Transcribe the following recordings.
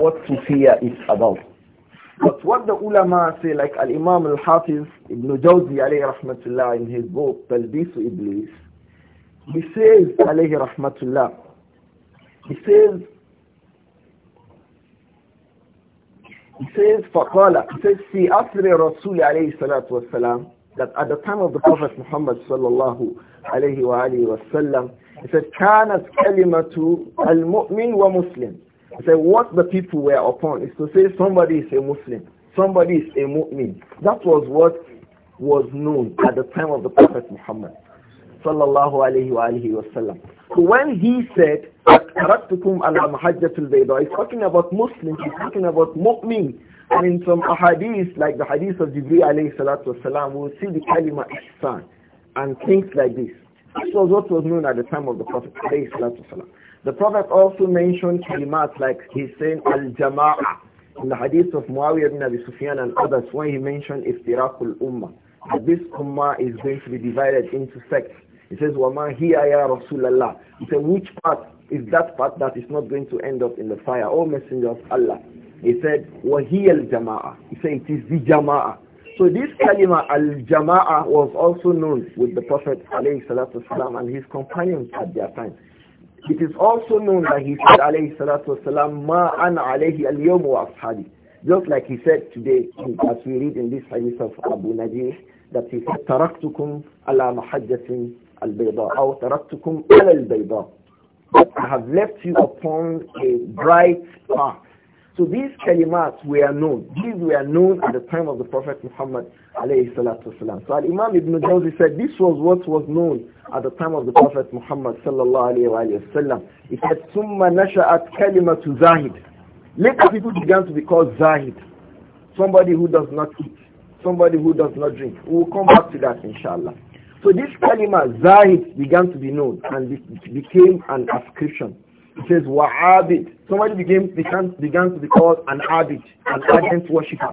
what Sufiya is about. But what the ulama say, like Al-Imam Al-Hafiz Ibn Jawzi alayhi rahmatullah in his book, Talbisu Iblis, he says alayhi rahmatullah, he says, he says فقال he says في أثر الرسول عليه الصلاة والسلام that at the time of the Prophet Muhammad sallallahu alayhi wa alihi wa he says كانت كلمة المؤمن ومسلم I said, what the people were upon is to say somebody is a Muslim, somebody is a mu'min. That was what was known at the time of the Prophet Muhammad. Sallallahu alayhi wa alayhi wa so when he said, أَكْرَبْتُكُمْ عَلَى مَحَجَّةِ He's talking about Muslims, he's talking about mu'min. And in some hadiths, like the hadith of Jibreel alayhi salatu wasalam, we'll see the kalima ihsan and things like this. This was what was known at the time of the Prophet alayhi salatu wasalam. The Prophet also mentioned kalimat like he's saying al jamaa in the hadith of Muawiyah ibn Abi Sufyan and others when he mentioned iftiraqul ummah. That this ummah is going to be divided into sects. He says, وَمَا هِيَ يَا رَسُولَ اللَّهِ He said, which part is that part that is not going to end up in the fire? Oh Messenger of Allah. He said, al-jama'a. He said, it is the jama'a. So this kalima al jamaa was also known with the Prophet and his companions at their time. It is also known that he said, alayhi salatu wasalam, ma an alayhi al-yawm wa ashabi. Just like he said today, as we read in this hadith of Abu Najih, that he said, taraktukum ala mahajjatin al-bayda, or taraktukum ala al-bayda. I have left you upon a bright path. So these kalimat were known. These were known at the time of the Prophet Muhammad alayhi salatu wasalam. So Imam Ibn Jawzi said this was what was known at the time of the Prophet Muhammad He said, Summa nasha'at kalimatu zahid. Later people began to be called zahid. Somebody who does not eat. Somebody who does not drink. We will come back to that inshallah. So this kalima zahid began to be known and became an ascription. It says wa'abid. Somebody became, began, began to be called an abid, an ardent worshipper.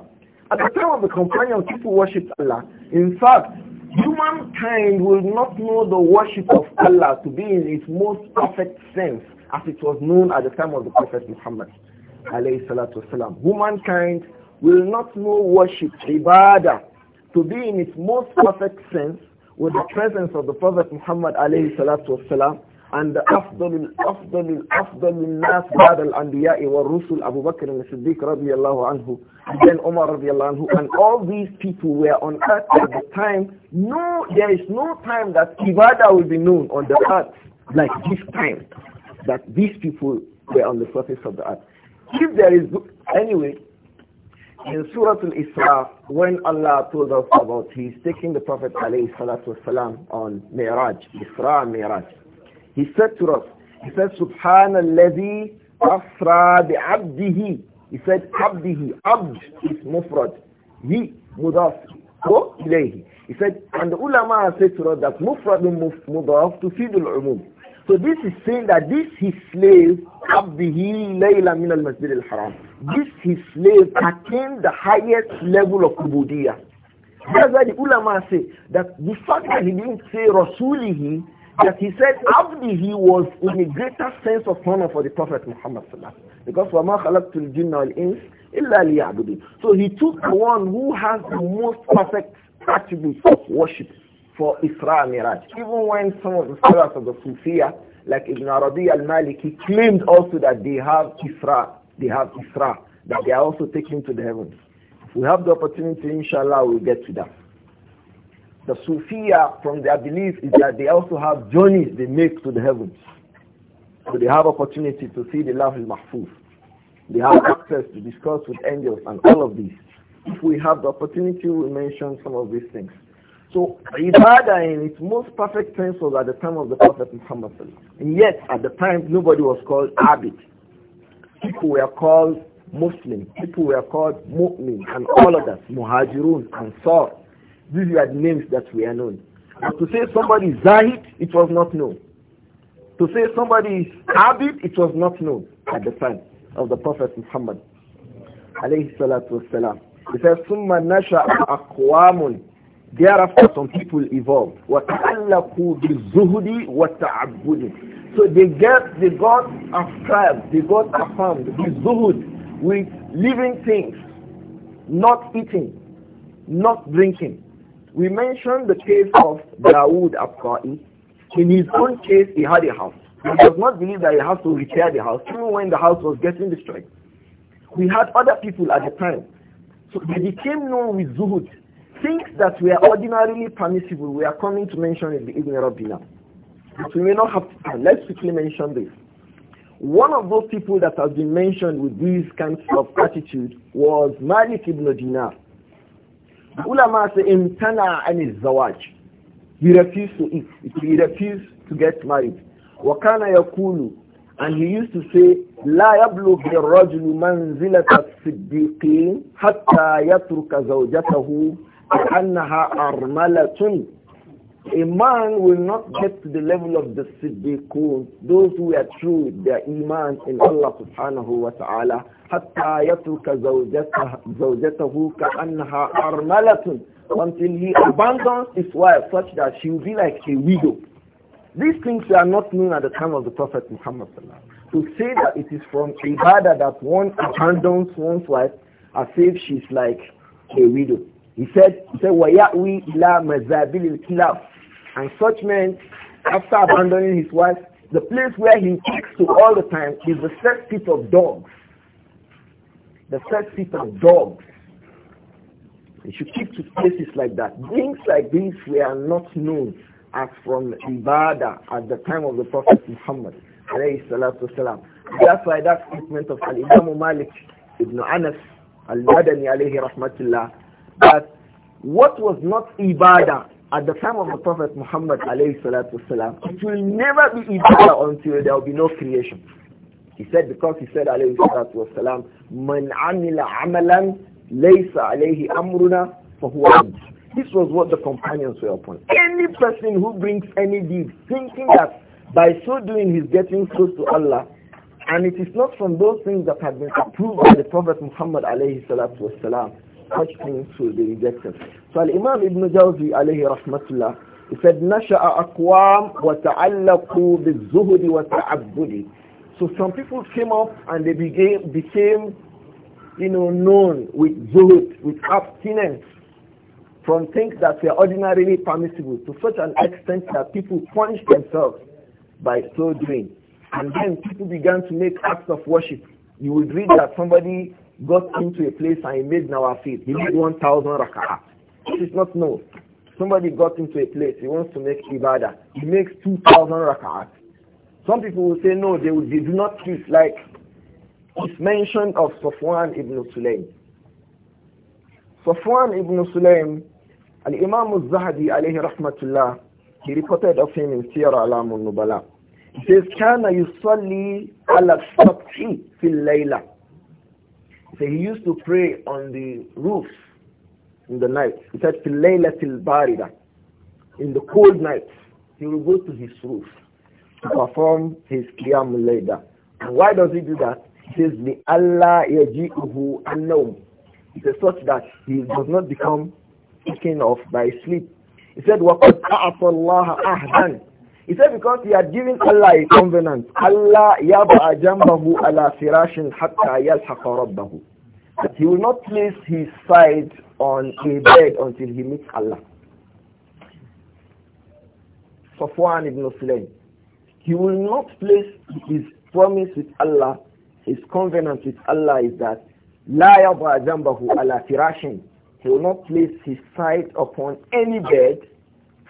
At the time of the companions, people worshipped Allah. In fact, humankind will not know the worship of Allah to be in its most perfect sense as it was known at the time of the Prophet Muhammad. Humankind will not know worship, ibadah, to be in its most perfect sense with the presence of the Prophet Muhammad alayhi salatu wasalam and the أفضل أفضل أفضل الناس بعد الأنبياء والرسل Abu Bakr al-Siddiq رضي الله عنه then Umar رضي الله عنه and all these people were on earth at the time no there is no time that ibadah will be known on the earth like this time that these people were on the surface of the earth if there is anyway in Surah Al-Isra, when Allah told us about He's taking the Prophet ﷺ on Mi'raj, Isra Mi'raj, he said to us, he said, Subhanallah, asra bi abdihi. He said, abdihi. Abd is mufrad. He, mudaf. Go He said, and the ulama said to us that mufradun mudaf to feed al-umum. So this is saying that this his slave, abdihi layla min al-masjid al-haram. This his slave attained the highest level of ubudiyah. That's why the ulama say that the fact that he didn't say rasulihi that he said he was in a greater sense of honor for the Prophet Muhammad because وَمَا خَلَقْتُ الْجِنَّ So he took the one who has the most perfect attributes of worship for Isra and Miraj. Even when some of the scholars of the Sufiya, like Ibn Arabi al-Maliki, claimed also that they have Isra, they have Isra, that they are also taken to the heavens. If we have the opportunity, inshallah, we'll get to that. The Sufiya from their belief is that they also have journeys they make to the heavens. So they have opportunity to see the Lawh al-Mahfuz. They have access to discuss with angels and all of these. If we have the opportunity, we mention some of these things. So ibadah in its most perfect sense was at the time of the Prophet Muhammad. And yet at the time nobody was called Abid. People were called Muslim. People were called Mu'min and all of that, Muhajirun, Ansar. These were the names that were known. And to say somebody is Zahid, it was not known. To say somebody is Abid, it was not known at the time of the Prophet Muhammad. Alayhi salatu wasalam. He says, Summa nasha aqwamun. Thereafter some people evolved. وَتَعَلَّقُوا بِالزُّهُدِ وَالتَّعَبُّدِ So they get, they got ascribed, they got affirmed, zuhud, with living things, not eating, not drinking. We mentioned the case of Dawood Afqa'i. In his own case, he had a house. He does not believe that he has to repair the house, even when the house was getting destroyed. We had other people at the time. So they became known with zuhud. Things that were ordinarily permissible, we are coming to mention in the Ibn Rabbina. But we may not have time. Let's quickly mention this. One of those people that has been mentioned with these kinds of attitude was Malik ibn Dinar. The ulama say imtana an zawaj. He refused to eat. He refused to get married. وَكَانَ yakulu And he used to say, لا يبلغ الرجل منزلة الصديقين حتى يترك زوجته لأنها أرملة A man will not get to the level of the Siddiqun, those who are true with their Iman in Allah subhanahu wa ta'ala, حتى يترك زوجته, زوجته كأنها أرملة until he abandons his wife such that she will be like a widow. These things are not known at the time of the Prophet Muhammad To say that it is from ibadah that one abandons one's wife as if she's like a widow. He said, he said, وَيَأْوِي إِلَى مَزَابِلِ الْكِلَافِ and such men, after abandoning his wife, the place where he takes to all the time is the set pit of dogs. The set pit of dogs. You should keep to places like that. Things like these were not known as from Ibadah at the time of the Prophet Muhammad. That's why that statement of Al-Imam Malik ibn Anas al-Madani alayhi rahmatullah that what was not Ibadah at the time of the Prophet Muhammad والسلام, it will never be ibadah until there will be no creation. He said because he said alayhi salatu wasalam, Man amila amalan laysa alayhi amruna fahuwa This was what the companions were upon. Any person who brings any deed thinking that by so doing he's getting close to Allah and it is not from those things that have been approved by the Prophet Muhammad alayhi salatu wasalam, such things will So imam Ibn Jawzi alayhi rahmatullah, he said, نَشَأَ أَقْوَامٌ وَتَعَلَّقُوا wa وَتَعَبُّدِ So some people came up and they became, became you know, known with zuhud, with abstinence from things that were ordinarily permissible to such an extent that people punished themselves by so doing. And then people began to make acts of worship. You would read that somebody got into a place and he made nawafil. He made 1,000 rak'ah. This is not known. Somebody got into a place, he wants to make ibadah. He makes 2,000 rak'ah. Some people will say no, they, will, they do not choose. Like it's mentioned of Safwan ibn Sulaim. Safwan ibn Sulaim, Al-Imam al-Zahdi alayhi rahmatullah, he reported of him in Sierra Alam al-Nubala. He says, كان يصلي على السطح في الليلة so he used to pray on the roof in the night. He said, Laylatil Barida. In the cold night, he will go to his roof to perform his Qiyam Layla. And why does he do that? He says, the Allah yaji'uhu annawm. He says such that he does not become taken off by sleep. He said, waqat أَعْطَى اللَّهَ he said because he had given Allah a covenant, Allah yab'a jambahu ala firashin hatta yalhaqa rabbahu. That he will not place his side on a bed until he meets Allah. Safwan ibn Sulaim. He will not place his promise with Allah, his covenant with Allah is that la yab'a jambahu ala firashin. He will not place his side upon any bed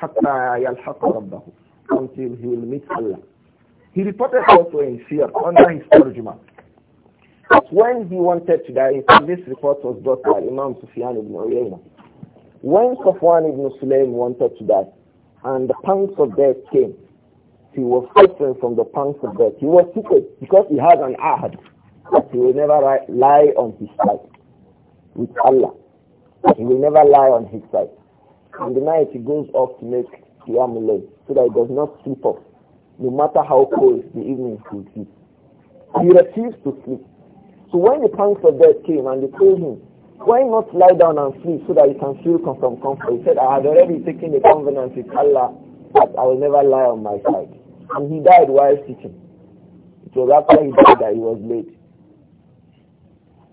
hatta yalhaqa rabbahu until he will meet Allah. He reported also in fear under his clergyman. But when he wanted to die, this report was brought by Imam Sufyan ibn Uyayna. When Safwan ibn Sulaim wanted to die, and the pangs of death came, he was suffering from the pangs of death. He was secret because he had an ahad that he will never lie on his side with Allah. He will never lie on his side. In the night he goes off to make Qiyamulay so that it does not sleep off, no matter how cold the evening will be. He refused to sleep. So when the pangs of death came and they told him, why not lie down and sleep so that you can feel some comfort? He said, I had already taken the covenant with Allah that I will never lie on my side. And he died while sitting. It was after he died that he was late.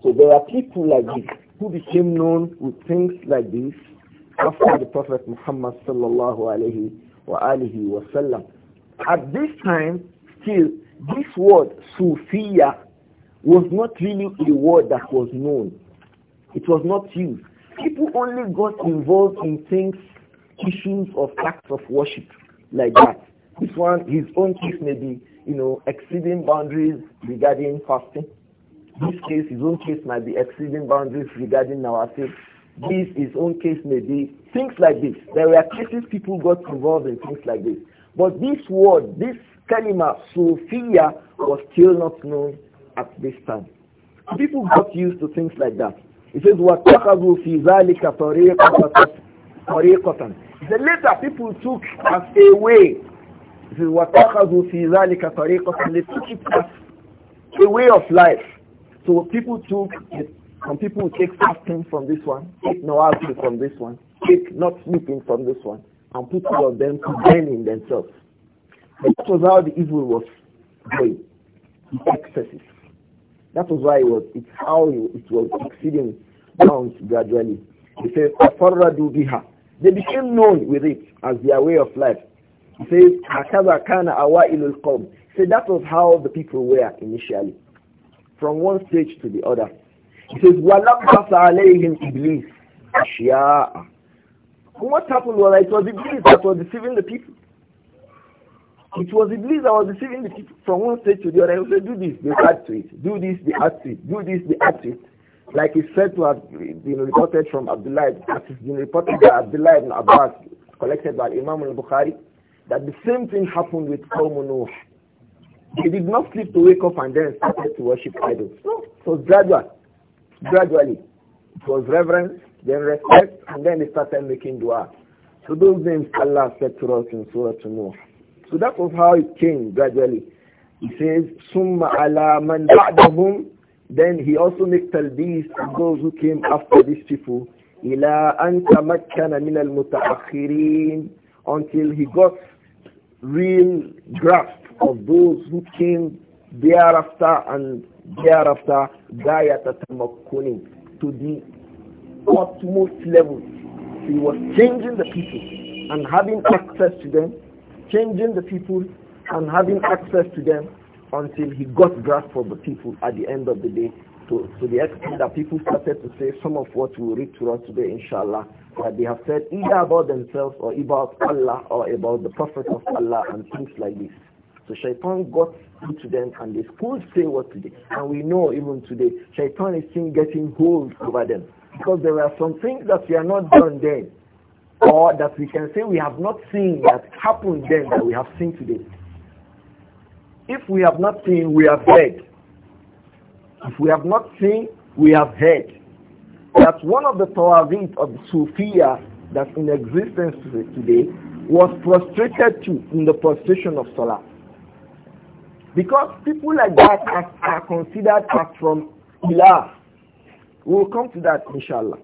So there are people like this who became known with things like this after the Prophet Muhammad sallallahu alayhi wa alihi At this time, still, this word Sufiya was not really a word that was known. It was not used. People only got involved in things, issues of acts of worship like that. This one, his own case may be, you know, exceeding boundaries regarding fasting. This case, his own case might be exceeding boundaries regarding nawafil this, his own case may be, things like this. There were cases people got involved in things like this. But this word, this kalima, Sufiya, was still not known at this time. People got used to things like that. It says, وَاتَّخَذُوا فِي ذَلِكَ later people took as a way. It says, وَاتَّخَذُوا فِي They took it as a way of life. So people took it. Some people will take fasting from this one, take no alcohol from this one, take not sleeping from this one, and put all of them in themselves. But that was how the evil was going. The excesses. That was why it was, it's how it was exceeding bounds gradually. He says, biha. They became known with it as their way of life. He says, He said that was how the people were initially. From one stage to the other. It says, وَلَمْ عَلَيْهِمْ إِبْلِيسِ أَشْيَاءَ What happened was it was Iblis that was deceiving the people. It was Iblis that was deceiving the people from one state to the other. He said, do this, they add to it. Do this, they add to it. Do this, they add to it. Like said to have been reported from Abdullah, as it's been reported by Abdullah and Abbas, collected by Imam al-Bukhari, that the same thing happened with Qawm Nuh. They did not sleep to wake up and then started to worship idols. No, it was gradual. Gradually, it was reverence, then respect, and then they started making dua. So those names Allah said to us in Surah Nuh. So that was how it came gradually. He says, Summa ala man ba'dahum. Then he also makes talbis to those who came after these people. Ila anta makkana min al-mutaakhirin. Until he got real grasp of those who came thereafter and thereafter at gayatamakuni to the utmost level. He was changing the people and having access to them, changing the people and having access to them until he got grasp of the people at the end of the day to, to the extent that people started to say some of what we read to us today, inshallah, that they have said either about themselves or about Allah or about the Prophet of Allah and things like this. So shaitan got into them and they could say what today. And we know even today, shaitan is still getting hold over them. Because there are some things that we are not done then. Or that we can say we have not seen that happened then that we have seen today. If we have not seen, we have heard. If we have not seen, we have heard. that one of the tawavit of Sufiya that's in existence today was prostrated to in the prostration of Salah. Because people like that are, are considered as from Ilah. We'll come to that inshallah.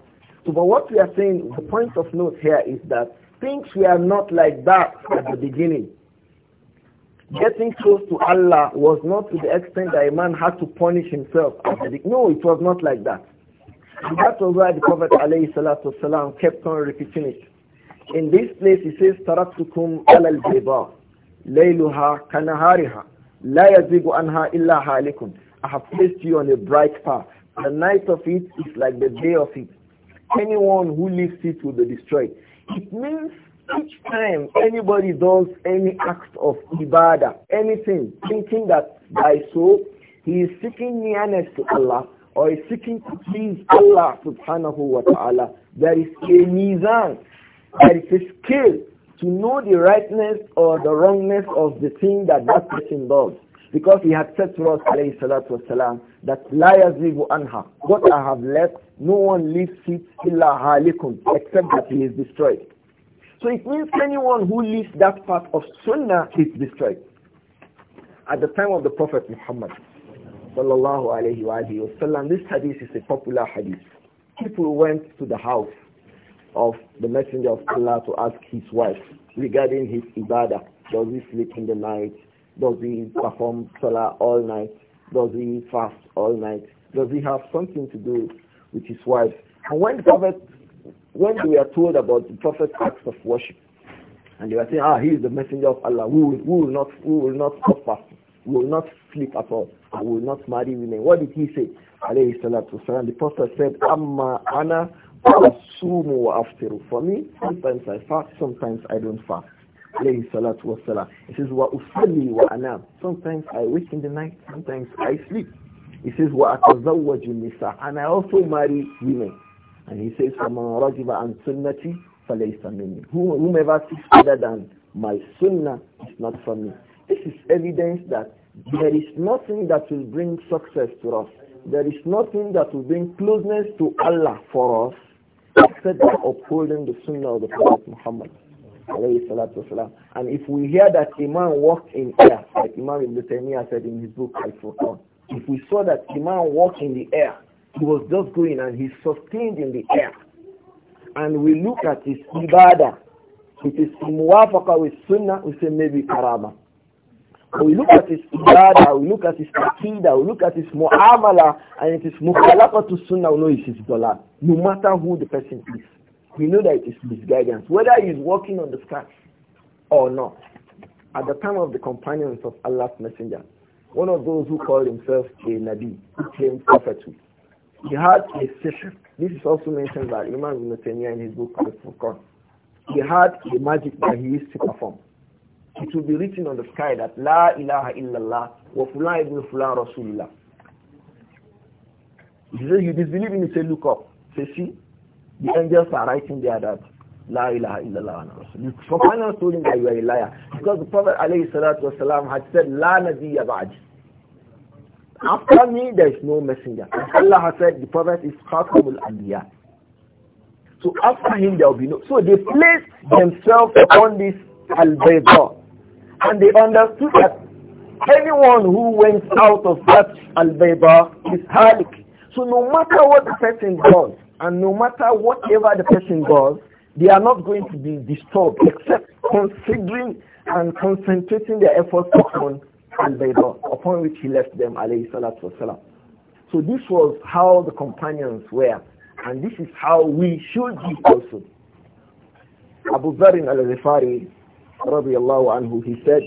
So, but what we are saying, the point of note here is that things were not like that at the beginning. Getting close to Allah was not to the extent that a man had to punish himself. No, it was not like that. And that was why the Prophet والسلام, kept on repeating it. In this place he says, تَرَكْتُكُمْ عَلَى الْبَيْضَاءِ لَيْلُهَا كَنَهَارِهَا La yazigu anha illa halikun. I have placed you on a bright path. The night of it is like the day of it. Anyone who leaves it will be destroyed. It means each time anybody does any act of ibadah, anything, thinking that by so he is seeking nearness to Allah or is seeking to please Allah subhanahu wa ta'ala, there is a mizan, there is a scale to know the rightness or the wrongness of the thing that that person does. Because he had said to us, alayhi salatu wasalam, that liars yazlibu anha. What I have left, no one lives it illa halikun, except that he is destroyed. So it means anyone who leaves that part of sunnah is destroyed. At the time of the Prophet Muhammad, sallallahu alayhi wa this hadith is a popular hadith. People went to the house of the messenger of Allah to ask his wife regarding his ibadah. Does he sleep in the night? Does he perform salah all night? Does he fast all night? Does he have something to do with his wife? And when the prophet, when we are told about the prophet's acts of worship, and they were saying, ah, he is the messenger of Allah. We will, we will not, we will not stop We will not sleep at all. We will not marry women. What did he say? Alayhi salatu The prophet said, Amma ana for me, sometimes I fast, sometimes I don't fast. Alayhi salatu wassalam. He says, Wa usalli wa anam. Sometimes I wake in the night, sometimes I sleep. He says, Wa atazawwaju nisa. And I also marry women. And he says, Faman rajiba an sunnati falaysa minni. Whomever seeks other than my sunnah is not from me. This is evidence that there is nothing that will bring success to us. There is nothing that will bring closeness to Allah for us except upholding the sunnah of the Prophet Muhammad. And if we hear that Imam walked in air, like Imam Ibn Taymiyyah said in his book Al-Furqan, if we saw that Imam walked in the air, he was just going and he sustained in the air. And we look at his ibadah, it is muwafaqa with sunnah, we say maybe karama we look at his ibadah, we look at his aqidah, we look at his mu'amala, and it is mukhalafat to sunnah, we know it is dollar. No matter who the person is, we know that it is misguidance, whether he is walking on the sky or not. At the time of the companions of Allah's messenger, one of those who called himself a Nabi, who claimed prophethood, he had a session. This is also mentioned by Imam Ibn in his book, Al-Furqan. He had a magic that he used to perform it will be written on the sky that La ilaha illallah wa fulan ibn fulan rasulullah. You say you disbelieve in it, say look up. Say see, the angels are writing there that La ilaha illallah wa So, You someone told him that you are a liar. Because the Prophet alayhi salatu wasalam had said La nabiyya ba'd. After me there is no messenger. And Allah has said the Prophet is Khatamul Anbiya. So after him there will be no. So they placed themselves upon this al-baydah and they understood that anyone who went out of that al baba is halik. So no matter what the person does, and no matter whatever the person does, they are not going to be disturbed except considering and concentrating their efforts upon al baba upon which he left them, alayhi salatu wasalam. So this was how the companions were, and this is how we should be also. Abu Zarin al-Rifari radiyallahu anhu he said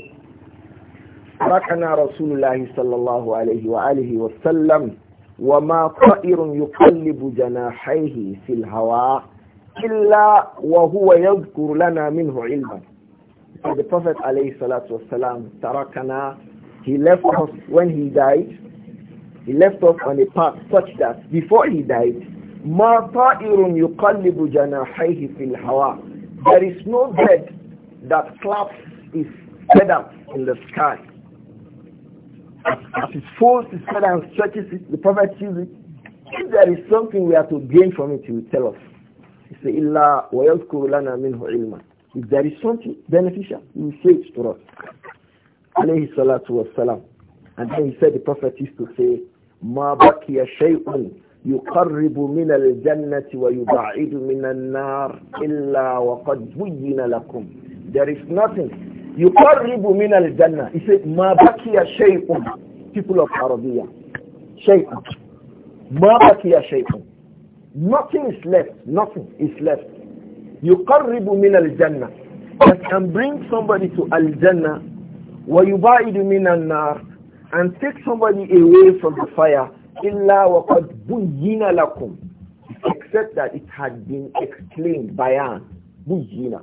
rakana rasulullahi sallallahu alayhi wa alihi wa sallam wa ma ta'irun yuqallibu janahihi fil hawa illa wa huwa so the prophet alayhi salatu wa salam tarakana he left us when he died he left us on a path such that before he died ma ta'irun yuqallibu janahihi fil hawa there is no bed that claps its feathers in the sky. As it folds its feathers and stretches it, the Prophet sees it. If there is something we are to gain from it, he will tell us. He say, إِلَّا وَيَذْكُرُ لَنَا مِنْهُ عِلْمًا If there is something beneficial, he will say it to us. Alayhi salatu wasalam. And then he said, the Prophet used to say, "Ma مَا بَكِيَ شَيْءٌ يقرب من الجنة ويبعد من النار إلا وقد بين لكم there is nothing. You call ribu min al jannah. He said, ma bakiya shay'un. People of Arabia. Shay'un. Ma bakiya shay'un. Nothing is left. Nothing is left. You call ribu min al jannah. That can bring somebody to al jannah. Wa yubaidu min al nar. And take somebody away from the fire. Illa wa qad lakum. Except that it had been explained, bayan, bujina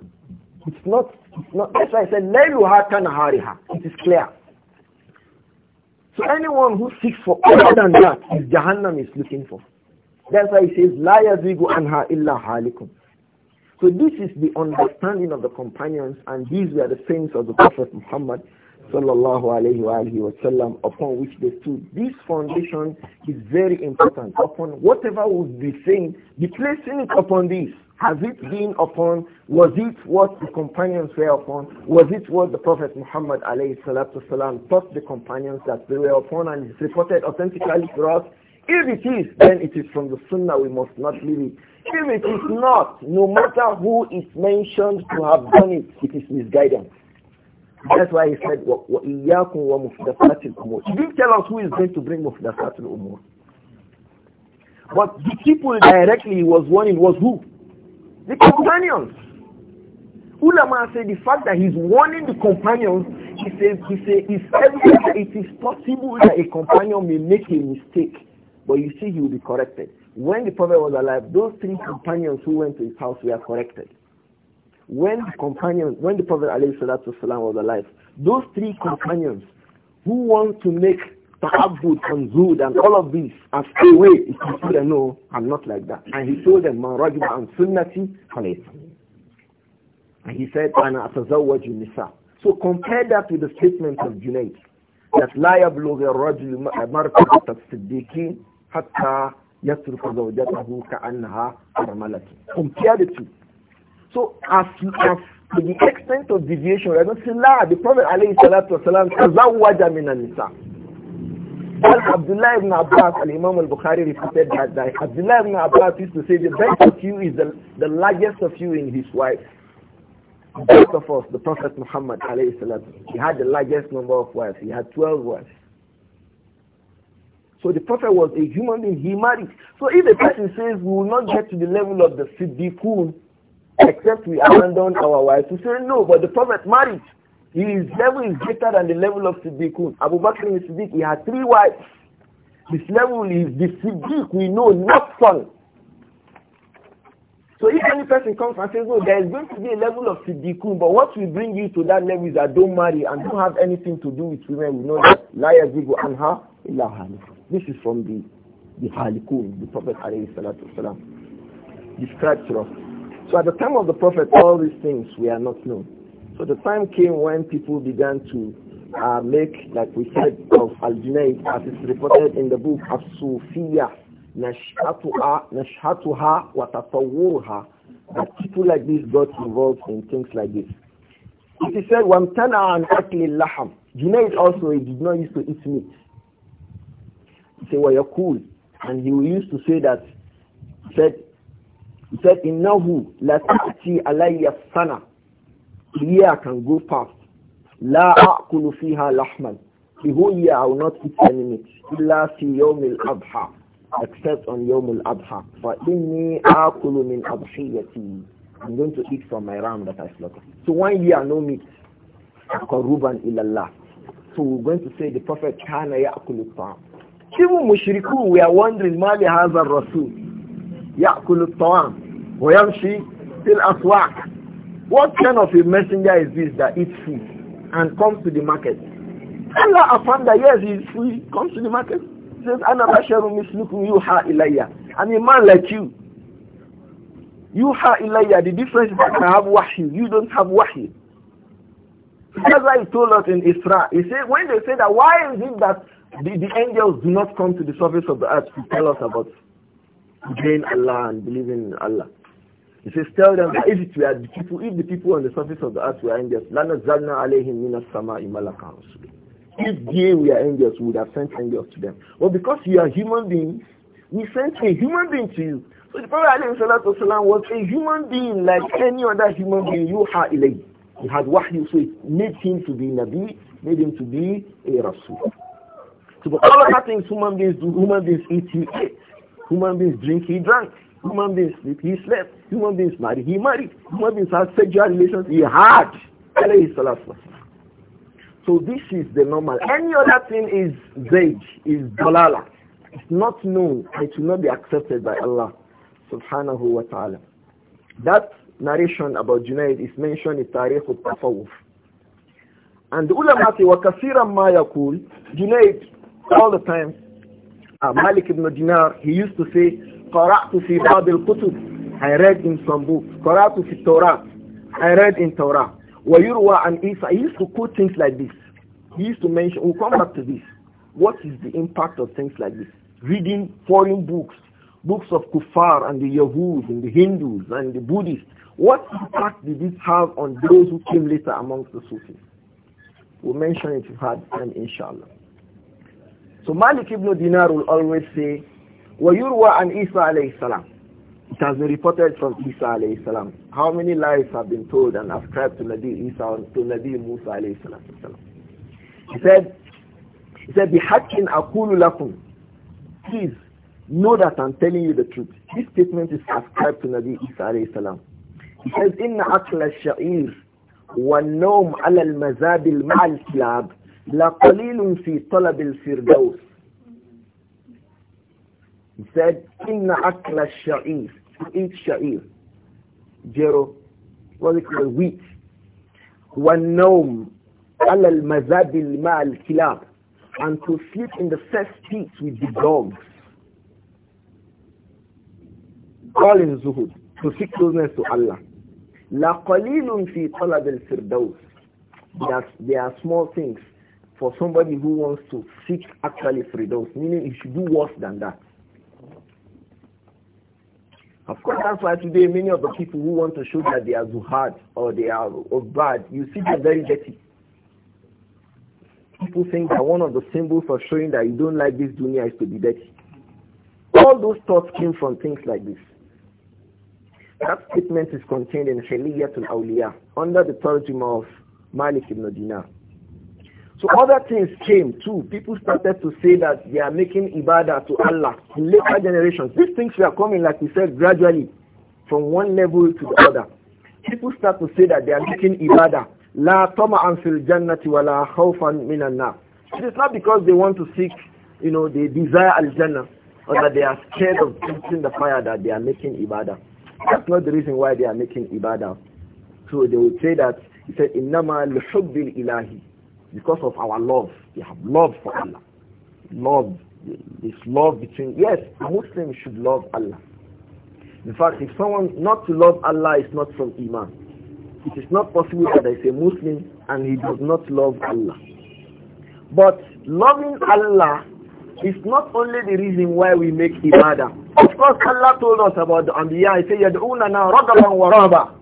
it's not, it's not, that's why I said, لَيْلُهَا كَنَهَارِهَا It is clear. So anyone who seeks for other than that is Jahannam is looking for. That's why he says, لَا يَزِيغُ عَنْهَا إِلَّا هَالِكُمْ So this is the understanding of the companions and these were the things of the Prophet Muhammad sallallahu alayhi wa alayhi wa sallam, upon which they stood. This foundation is very important. Upon whatever would be saying, be placing it upon this. Has it been upon, was it what the companions were upon? Was it what the Prophet Muhammad والسلام, taught the companions that they were upon and is reported authentically for us? If it is, then it is from the Sunnah, we must not leave it. If it is not, no matter who is mentioned to have done it, it is misguidance. That's why he said, وَإِيَّاكُمْ وَمُفْدَفَاتِ الْأُمُورِ He didn't tell us who is going to bring مُفْدَفَاتِ الْأُمُورِ. But the people directly was warning was who? The companions. Ulama said the fact that he's warning the companions, he says, he says, it's evident it is possible that a companion may make a mistake, but you see he will be corrected. When the Prophet was alive, those three companions who went to his house were corrected. When the companion, when the Prophet والسلام, was alive, those three companions who want to make ta'abbud and zud and all of these as a way is to tell them, no, I'm not like that. And he told them, man rajiba and sunnati And he said, ana atazawwaju nisa. So compare that with the statement of Junaid that la yablughi ar-rajulu martabat as-siddiqin hatta yatruku zawjatahu ka'annaha armalat. Compare the two. So as, as to the extent of deviation, I don't say la. The Prophet alayhi salatu wasalam kazawaja min nisa Abdullah ibn Abbas, al Imam al Bukhari repeated that, that Abdullah ibn Abbas used to say, the best of you is the, the largest of you in his wife. Both of us, the Prophet Muhammad, he had the largest number of wives. He had 12 wives. So the Prophet was a human being. He married. So if a person says, we will not get to the level of the Siddiqun, except we abandon our wives, we say, no, but the Prophet married. His level is greater than the level of Siddiqun. Abu Bakr and Siddiq, he had three wives. This level is the Siddiq we know, not son. So if any person comes and says, no, there is going to be a level of Siddiqun, but what will bring you to that level is that don't marry and don't have anything to do with women. We know that. La yazigu anha illa This is from the, the Halikun, the Prophet alayhi salatu wasalam, described to us. So at the time of the Prophet, all these things were not known. So the time came when people began to uh, make, like we said, of Al-Junayd, as is reported in the book of Sufiya, Nashatuha wa Tatawurha, that people like this got involved in things like this. It is said, وَامْتَنَعَ عَنْ أَكْلِ اللَّحَمِ Junayd also, he did not used to eat meat. He said, you're cool," And he used to say that, said, said, إِنَّهُ لَتَأْتِي عَلَيَّ السَّنَةِ sana. year can go past. La akulu fiha lahman. The whole year I will not eat any meat. Illa fi yawmil adha. Except on yawmil adha. Fa inni akulu min adhiyati. I'm going to eat from my ram that I slaughtered. So one year no meat. Qaruban ilallah. So we're going to say the Prophet kana ya'kulu ta'am. Even mushrikun, we are wondering, Mali hazar rasul. Ya'kulu ta'am. Wa yamshi fil aswaq. What kind of a messenger is this that eats food? and comes to the market. Allah affirmed that yes, he's free, comes to the market. He says, Anna Basharu mislukum yuha ilayya. Elijah, and a man like you. Yuha ilayya, the difference is that I have wahi, you don't have wahi. That's why he told us in Isra. He said, when they say that, why is it that the, the angels do not come to the surface of the earth to tell us about obeying Allah and believing in Allah? He says, tell them that if it were the people, if the people on the surface of the earth were angels, لَنَزَّلْنَا عَلَيْهِمْ مِنَ السَّمَاءِ مَلَكًا رَسُولًا If they were angels, we would have sent angels to them. But well, because you are human beings, we sent a human being to you. So the Prophet ﷺ was a human being like any other human being. You had ilayh. He had wahyu, so it made him to be Nabi, made him to be a Rasul. So but all other things human beings do, human beings eat, he ate. Human beings drink, he drank. Human beings sleep, he slept. Human beings marry, he married. Human beings have sexual relations, he had. So this is the normal. Any other thing is vague, is dalala. It's not known. It will not be accepted by Allah subhanahu wa ta'ala. That narration about Junaid is mentioned in Tariq al-Tafawuf. And the ulama say, وَكَثِيرًا مَا يَقُولُ Junaid, all the time, uh, Malik ibn Dinar, he used to say, قرأت في بعض الكتب I read in some books قرأت في التوراة I read in Torah ويروى عن Isa he used to quote things like this he used to mention we'll come back to this what is the impact of things like this reading foreign books books of Kufar and the Yahus and the Hindus and the Buddhists what impact did this have on those who came later amongst the Sufis we'll mention it if had time inshallah so Malik ibn Dinar will always say وَيُرْوَى عَنْ Isa alayhi salam. It has been reported from Isa alayhi How many lies have been told and ascribed to Nabi Isa to Nabi Musa alayhi salam? He said, he said, بِحَكٍ أَقُولُ لَكُمْ Please, know that I'm telling you the truth. This statement is ascribed to Nabi Isa alayhi salam. He says, إِنَّ أَكْلَ الشَّعِيرِ وَالنَّوْمَ عَلَى الْمَزَابِ مَعَ الْكِلَابِ لَقَلِيلٌ فِي طَلَبِ الْفِرْدَوْسِ he said, Inna akla sha'ir, to eat sha'ir, jero, what is it called, wheat, one naum, ala al-mazabil ma'al kilab, and to sleep in the first seat with the dogs. All in zuhud, to seek closeness to Allah. La qalilun fi talab al-firdaus. there are small things for somebody who wants to seek actually firdaus, meaning he should do worse than that. Of course, that's why today many of the people who want to show that they are zuhad or they are bad, you see them very dirty. People think that one of the symbols for showing that you don't like this dunya is to be dirty. All those thoughts came from things like this. That statement is contained in Khaliyatul Awliya under the tarjuma of Malik ibn Dinar. So other things came too. People started to say that they are making ibadah to Allah in later generations. These things were coming, like we said, gradually from one level to the other. People start to say that they are making ibadah. La tama'an al jannati wa la khawfan minan na. It is not because they want to seek, you know, they desire al-jannah or that they are scared of touching the fire that they are making ibadah. That's not the reason why they are making ibadah. So they would say that, he said, innama lihubbil ilahi because of our love. We have love for Allah. Love. This love between, yes, a Muslim should love Allah. In fact, if someone not to love Allah is not from Iman. It is not possible that there is a Muslim and he does not love Allah. But loving Allah is not only the reason why we make ibadah. Of course, Allah told us about the Anbiya. He said, يَدْعُونَنَا رَغَبًا وَرَهْبًا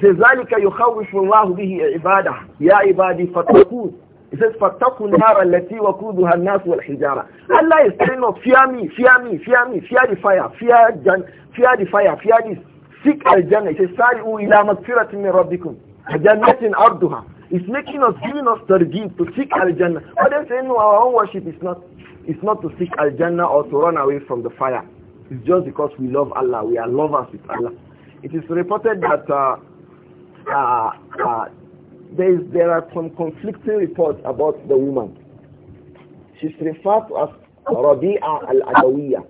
ذلك يخوف الله به عباده يا عبادي فاتقون He says, فَاتَّقُوا النَّارَ الَّتِي وَقُودُهَا النَّاسُ وَالْحِجَارَةُ Allah is telling us, fear me, fear me, fear me, fear the fire, fear, jan, fear the fire, fear this. Seek al-jannah. He says, سَارِعُوا إِلَى مَغْفِرَةٍ مِّن رَبِّكُمْ جَنَّةٍ أَرْضُهَا It's making us, giving us targeed to seek al-jannah. But they say, no, our own worship is not, it's not to seek al-jannah or to run away from the fire. It's just because we love Allah. We are lovers with Allah. It is reported that uh, uh, uh, there, is, there are some conflicting reports about the woman. She's referred to as Rabi'a al-Adawiyya.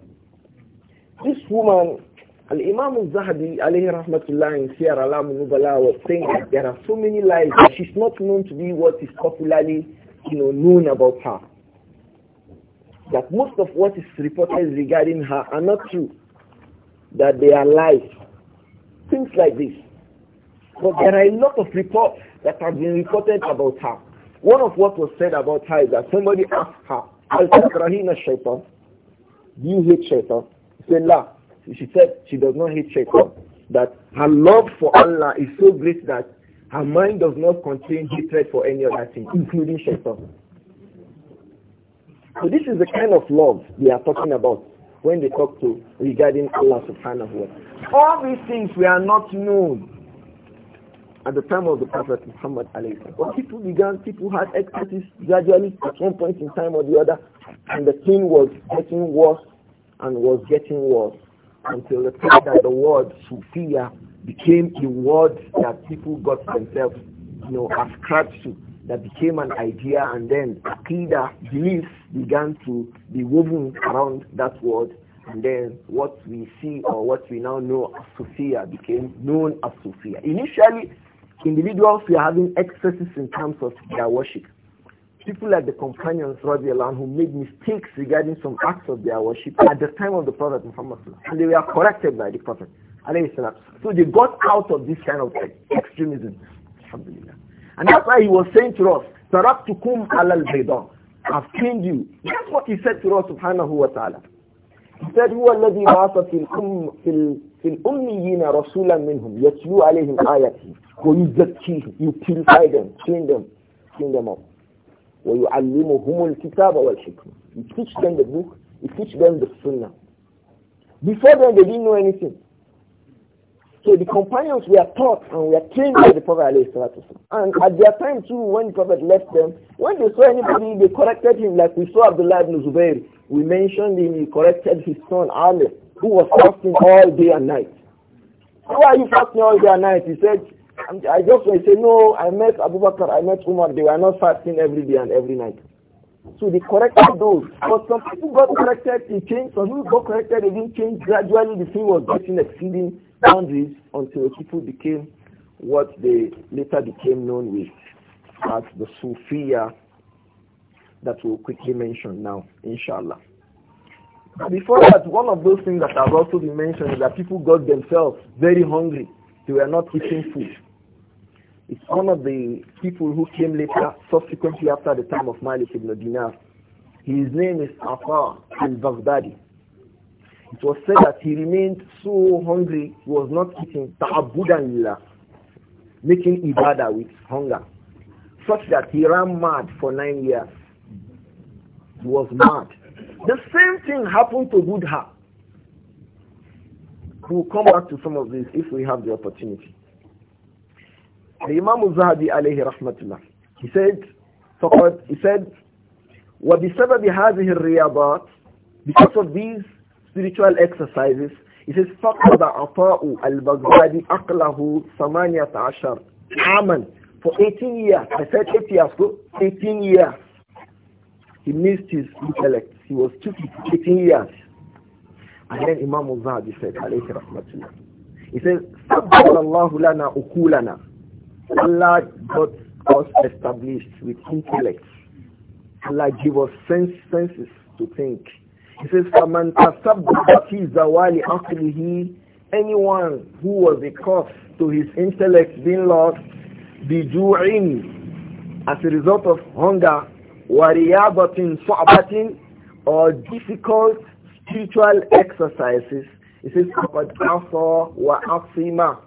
This woman, Al-Imam al-Zahabi, alayhi rahmatullah, in Sierra Alam was saying that there are so many lies that she's not known to be what is popularly you know, known about her. That most of what is reported regarding her are not true. That they are lies. Things like this. But there are a lot of reports that have been reported about her. One of what was said about her is that somebody asked her, Al-Takrahina Shaitan, do you hate Shaitan? She said, La. She said she does not hate Shaitan. That her love for Allah is so great that her mind does not contain hatred for any other thing, including Shaitan. So this is the kind of love they are talking about when they talk to regarding Allah subhanahu wa ta'ala. All these things we are not known at the time of the Prophet Muhammad But people began, people had excesses gradually at one point in time or the other, and the thing was getting worse and was getting worse until the time that the word Sufiya became a word that people got themselves, you know, ascribed to, that became an idea, and then Aqidah, beliefs began to be woven around that word, and then what we see or what we now know as Sufiya became known as Sufiya. Initially, individuals were having excesses in terms of their worship. People like the companions, radiallahu who made mistakes regarding some acts of their worship at the time of the Prophet Muhammad, and they were corrected by the Prophet. So they got out of this kind of extremism. And that's why he was saying to us, Taraktukum alal bayda. I've cleaned you. That's what he said to us, subhanahu wa ta'ala. He said, هو الذي بعث في الأميين رسولا منهم يتلو عليهم آياته Go use the key. You purify them, clean them, clean them up. you الْكِتَابَ وَالْحِكْمَةِ You teach them the book, you teach them the sunnah. Before then, they didn't know anything. So the companions were taught and were trained by the Prophet And at their time too, when the Prophet left them, when they saw anybody, they corrected him like we saw Abdullah ibn Zubayr. We mentioned him, he corrected his son Ali, who was fasting all day and night. Why are you fasting all day and night? He said, I just say, no, I met Abu Bakr, I met Umar, they were not fasting every day and every night. So they corrected those. But some people got corrected, they changed. Some people got corrected, they didn't change. Gradually the thing was getting exceeding boundaries until people became what they later became known with as the Sufiya that we'll quickly mention now, inshallah. Before that, one of those things that have also been mentioned is that people got themselves very hungry. They were not eating food. It's one of the people who came later, subsequently after the time of Malik ibn Dinar. His name is Afar al-Baghdadi. It was said that he remained so hungry, he was not eating ta'abudan making ibadah with hunger, such that he ran mad for nine years. He was mad. The same thing happened to Buddha. We'll come back to some of these if we have the opportunity. The Imam al-Zahabi alayhi rahmatullah, he said, فقد, he said, وَبِسَبَبِ هَذِهِ الرِّيَاضَاتِ Because of these spiritual exercises, he says, فَقَدَ عَطَاءُ الْبَغْدَادِ أَقْلَهُ ثَمَانِيَةَ عَشَرَ عَامًا For 18 years, I said 8 years ago, 18 years, he missed his intellect. He was stupid 18 years. And then Imam Al-Zahabi said, alayhi rahmatullah. He said, Sabbalallahu lana ukulana. Allah got us established with intellect. Allah give us sense, senses to think. He says, فَمَنْ تَسَبَّبَ فِي زَوَالِ عَقْلِهِ Anyone who was a cause to his intellect being lost, بِجُوعٍ As a result of hunger, وَرِيَابَةٍ صَعْبَةٍ Or difficult spiritual exercises. It says, "Qad wa asima."